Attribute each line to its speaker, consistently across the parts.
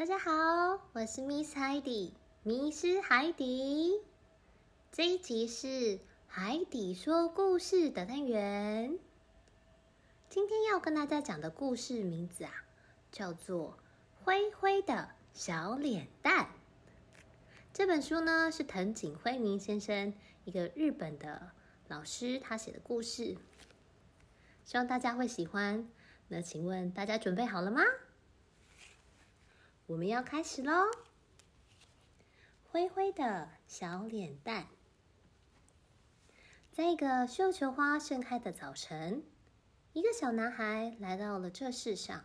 Speaker 1: 大家好，我是 Miss 海底，迷失海底。這一集是海底說故事的單元。今天要跟大家講的故事名字啊，叫做《輝輝的小臉蛋》。這本書呢是藤井輝明先生，一個日本的老師他寫的故事，希望大家會喜歡。那請問大家準備好了嗎？我們要開始嘍！輝輝的小臉蛋，在一個繡球花盛開的早晨，一個小男孩來到了這世上。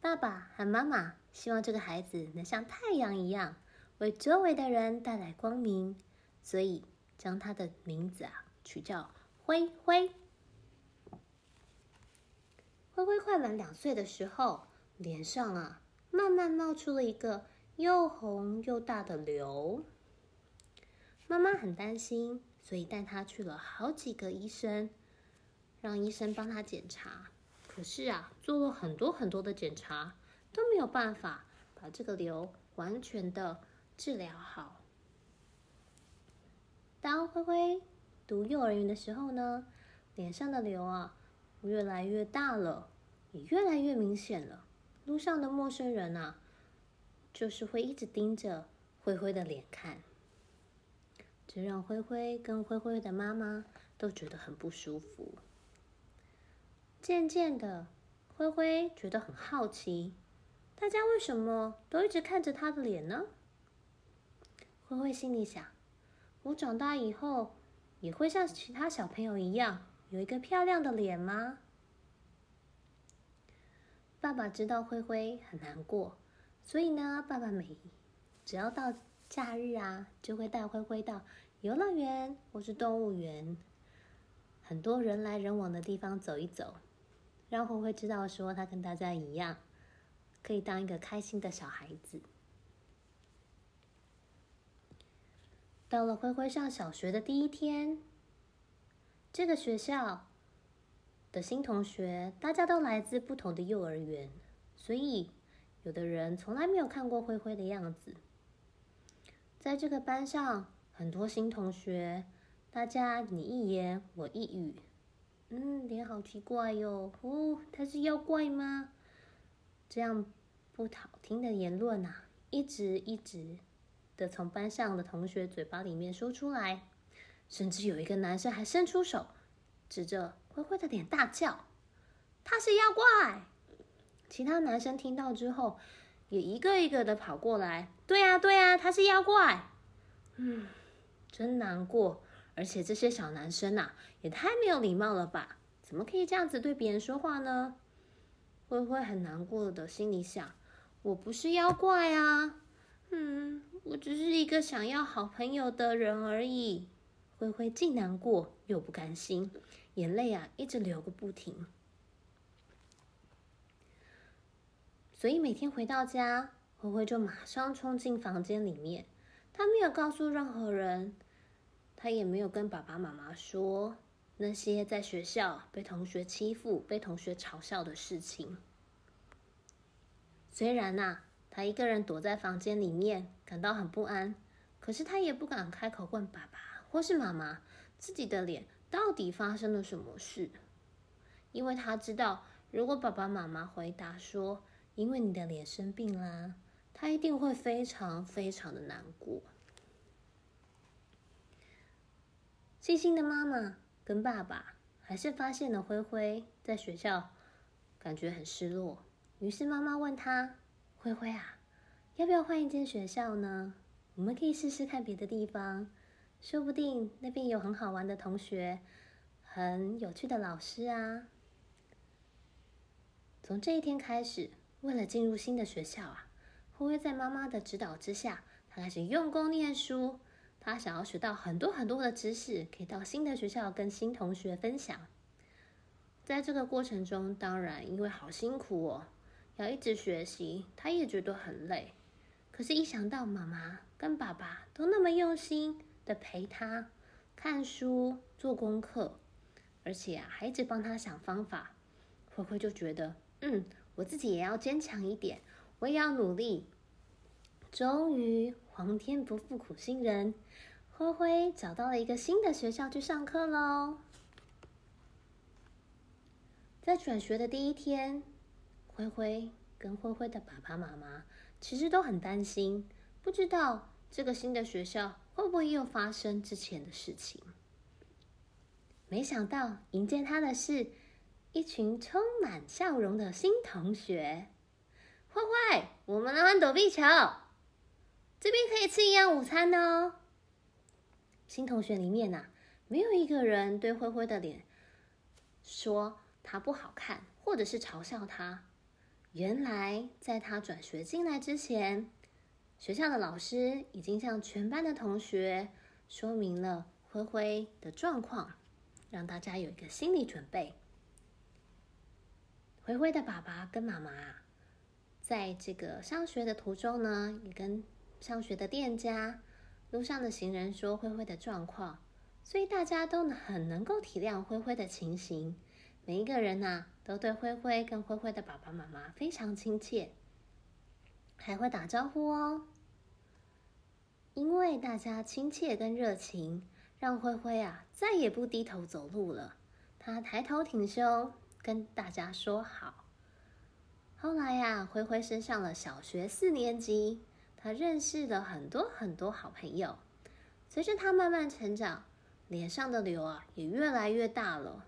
Speaker 1: 爸爸和媽媽，希望這個孩子能像太陽一樣，為周圍的人帶來光明，所以將他的名字啊取叫輝輝。輝輝快滿兩歲的時候，臉上啊。慢慢冒出了一個又紅又大的瘤，媽媽很擔心，所以帶他去了好幾個醫生，讓醫生幫他檢查。可是啊，做了很多很多的檢查，都沒有辦法把這個瘤完全的治療好。當輝輝讀幼兒園的時候呢，臉上的瘤啊越來越大了，也越來越明顯了。路上的陌生人啊，就是會一直盯着輝輝的臉看，這讓輝輝跟輝輝的媽媽都覺得很不舒服。漸漸的，輝輝覺得很好奇，大家為什麼都一直看着他的臉呢？輝輝心裡想：我長大以後也會像其他小朋友一樣，有一個漂亮的臉嗎？爸爸知道輝輝很難過，所以呢，爸爸每只要到假日啊，就會帶輝輝到遊樂園或是動物園，很多人來人往的地方走一走，讓輝輝知道說他跟大家一樣，可以當一個開心的小孩子。到了輝輝上小學的第一天，這個學校。的新同學，大家都來自不同的幼兒園，所以有的人從來沒有看過灰灰的樣子。在這個班上，很多新同學，大家你一言我一語，嗯，臉好奇怪喲、哦，哦，他是妖怪嗎？這樣不好聽的言論吶、啊，一直一直的從班上的同學嘴巴裡面說出來，甚至有一個男生還伸出手，指着。輝輝的臉大叫：“他是妖怪！”其他男生聽到之後，也一個一個的跑過來。“對呀，對呀，他是妖怪！”嗯，真難過。而且這些小男生吶，也太沒有禮貌了吧？怎麼可以這樣子對別人說話呢？輝輝很難過的心裡想：“我不是妖怪啊，嗯，我只是一個想要好朋友的人而已。”輝輝既難過又不甘心。眼淚啊，一直流個不停。所以每天回到家，輝輝就馬上衝進房間裡面。他沒有告訴任何人，他也沒有跟爸爸媽媽說那些在學校被同學欺負、被同學嘲笑的事情。雖然吶、啊，他一個人躲在房間裡面感到很不安，可是他也不敢開口問爸爸或是媽媽自己的臉。到底發生了什麼事？因為他知道，如果爸爸媽媽回答說“因為你的臉生病啦”，他一定會非常非常的難過。細心的媽媽跟爸爸還是發現了輝輝在學校感覺很失落，於是媽媽問他：“輝輝啊，要不要換一間學校呢？我們可以試試看別的地方。”說不定那邊有很好玩的同學，很有趣的老師啊！從這一天開始，為了進入新的學校啊，輝輝在媽媽的指導之下，他開始用功念書。他想要學到很多很多的知識，可以到新的學校跟新同學分享。在這個過程中，當然因為好辛苦哦，要一直學習，他也覺得很累。可是，一想到媽媽跟爸爸都那麼用心，的陪他看書、做功課，而且啊，還一直幫他想方法，灰灰就覺得，嗯，我自己也要堅強一點，我也要努力。終於，皇天不負苦心人，灰灰找到了一個新的學校去上課嘍。在轉學的第一天，灰灰跟灰灰的爸爸媽媽其實都很擔心，不知道這個新的學校。會不會又發生之前的事情？沒想到迎接他的是一群充滿笑容的新同學。輝輝，我們來玩躲避球，這邊可以吃營養午餐哦。新同學裡面啊，沒有一個人對輝輝的臉說他不好看，或者是嘲笑他。原來在他轉學進來之前。學校的老師已經向全班的同學說明了輝輝的狀況，讓大家有一個心理準備。輝輝的爸爸跟媽媽在這個上學的途中呢，也跟上學的店家、路上的行人說輝輝的狀況，所以大家都很能夠體諒輝輝的情形。每一個人呢、啊，都對輝輝跟輝輝的爸爸媽媽非常親切，還會打招呼哦。因為大家親切跟熱情，讓輝輝啊再也不低頭走路了。他抬頭挺胸，跟大家說好。後來呀、啊，輝輝升上了小學四年級，他認識了很多很多好朋友。隨着他慢慢成長，臉上的瘤啊也越來越大了。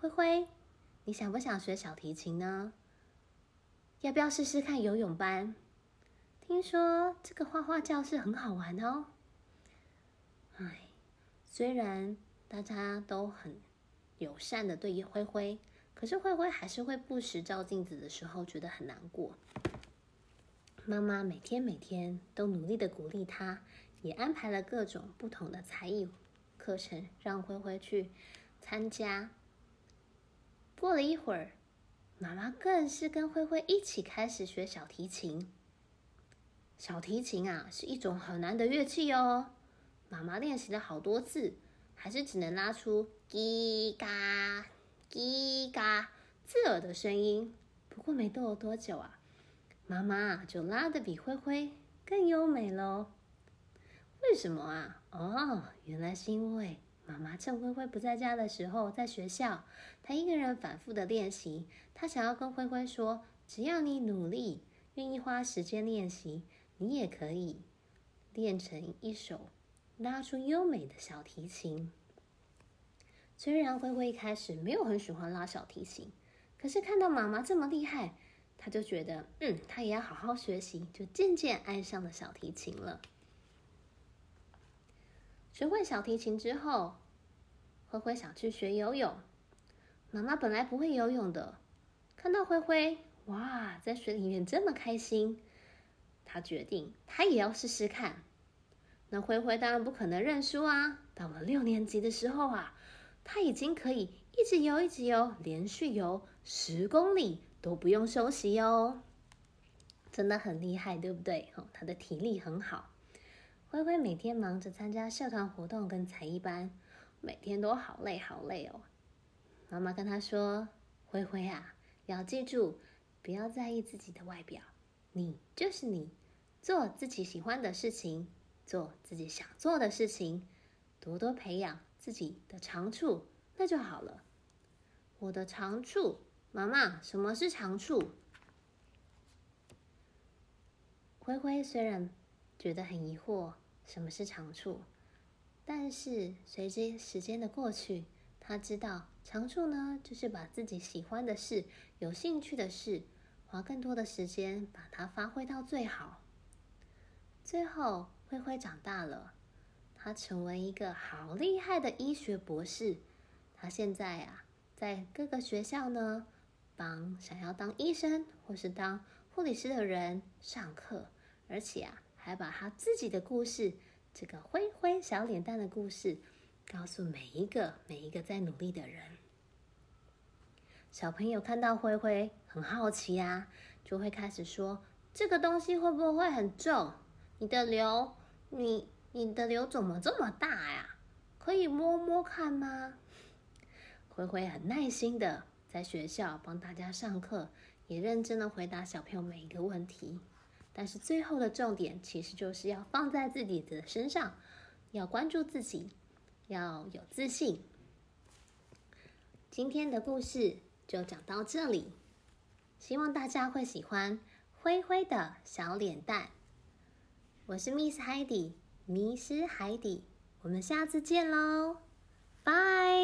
Speaker 1: 輝輝，你想不想學小提琴呢？要不要試試看游泳班？聽說這個畫畫教室很好玩哦。哎，雖然大家都很友善的對於灰灰，可是灰灰還是會不時照鏡子的時候覺得很難過。媽媽每天每天都努力的鼓勵他，也安排了各種不同的才藝課程，讓灰灰去參加。過了一會兒，媽媽更是跟灰灰一起開始學小提琴。小提琴啊，是一種很難的樂器喲、哦。媽媽練習了好多次，還是只能拉出嘀“嘰嘎嘰嘎”刺耳的聲音。不過沒逗久多久啊，媽媽就拉得比灰灰更優美囉。為什麼啊？哦，原來是因為媽媽趁灰灰不在家的時候，在學校，她一個人反覆的練習。她想要跟灰灰說：“只要你努力，願意花時間練習。”你也可以練成一手拉出優美的小提琴。雖然輝輝一開始沒有很喜歡拉小提琴，可是看到媽媽這麼厲害，他就覺得，嗯，他也要好好學習，就漸漸愛上了小提琴了。學會小提琴之後，輝輝想去學游泳。媽媽本來不會游泳的，看到輝輝，哇，在水裡面這麼開心。他決定，他也要試試看。那輝輝當然不可能認輸啊！到了六年級的時候啊，他已經可以一直游，一直游，連續游十公里都不用休息喲，哦，真的很厲害，對不對？哦，他的體力很好。輝輝每天忙着參加社團活動跟才藝班，每天都好累好累哦。媽媽跟他說：“輝輝啊，要記住，不要在意自己的外表。”你就是你，做自己喜歡的事情，做自己想做的事情，多多培養自己的長處，那就好了。我的長處，媽媽，什麼是長處？輝輝雖然覺得很疑惑，什麼是長處，但是隨着時間的過去，他知道長處呢，就是把自己喜歡的事、有興趣的事。花更多的時間把它發揮到最好。最後，輝輝長大了，他成為一個好厲害的醫學博士。他現在啊，在各個學校呢，幫想要當醫生或是當護理師的人上課，而且啊，還把他自己的故事，這個輝輝小臉蛋的故事，告訴每一個每一個在努力的人。小朋友看到輝輝，很好奇呀、啊，就會開始說，這個東西會不會很重？你的瘤，你你的瘤怎麼這麼大呀、啊？可以摸摸看嗎？輝輝很耐心的在學校幫大家上課，也認真的回答小朋友每一個問題。但是最後的重點其實就是要放在自己的身上，要關注自己，要有自信。今天的故事就講到這裡。希望大家會喜歡輝輝的小臉蛋。我是 Miss 海底，迷失海底，我們下次見嘍，拜。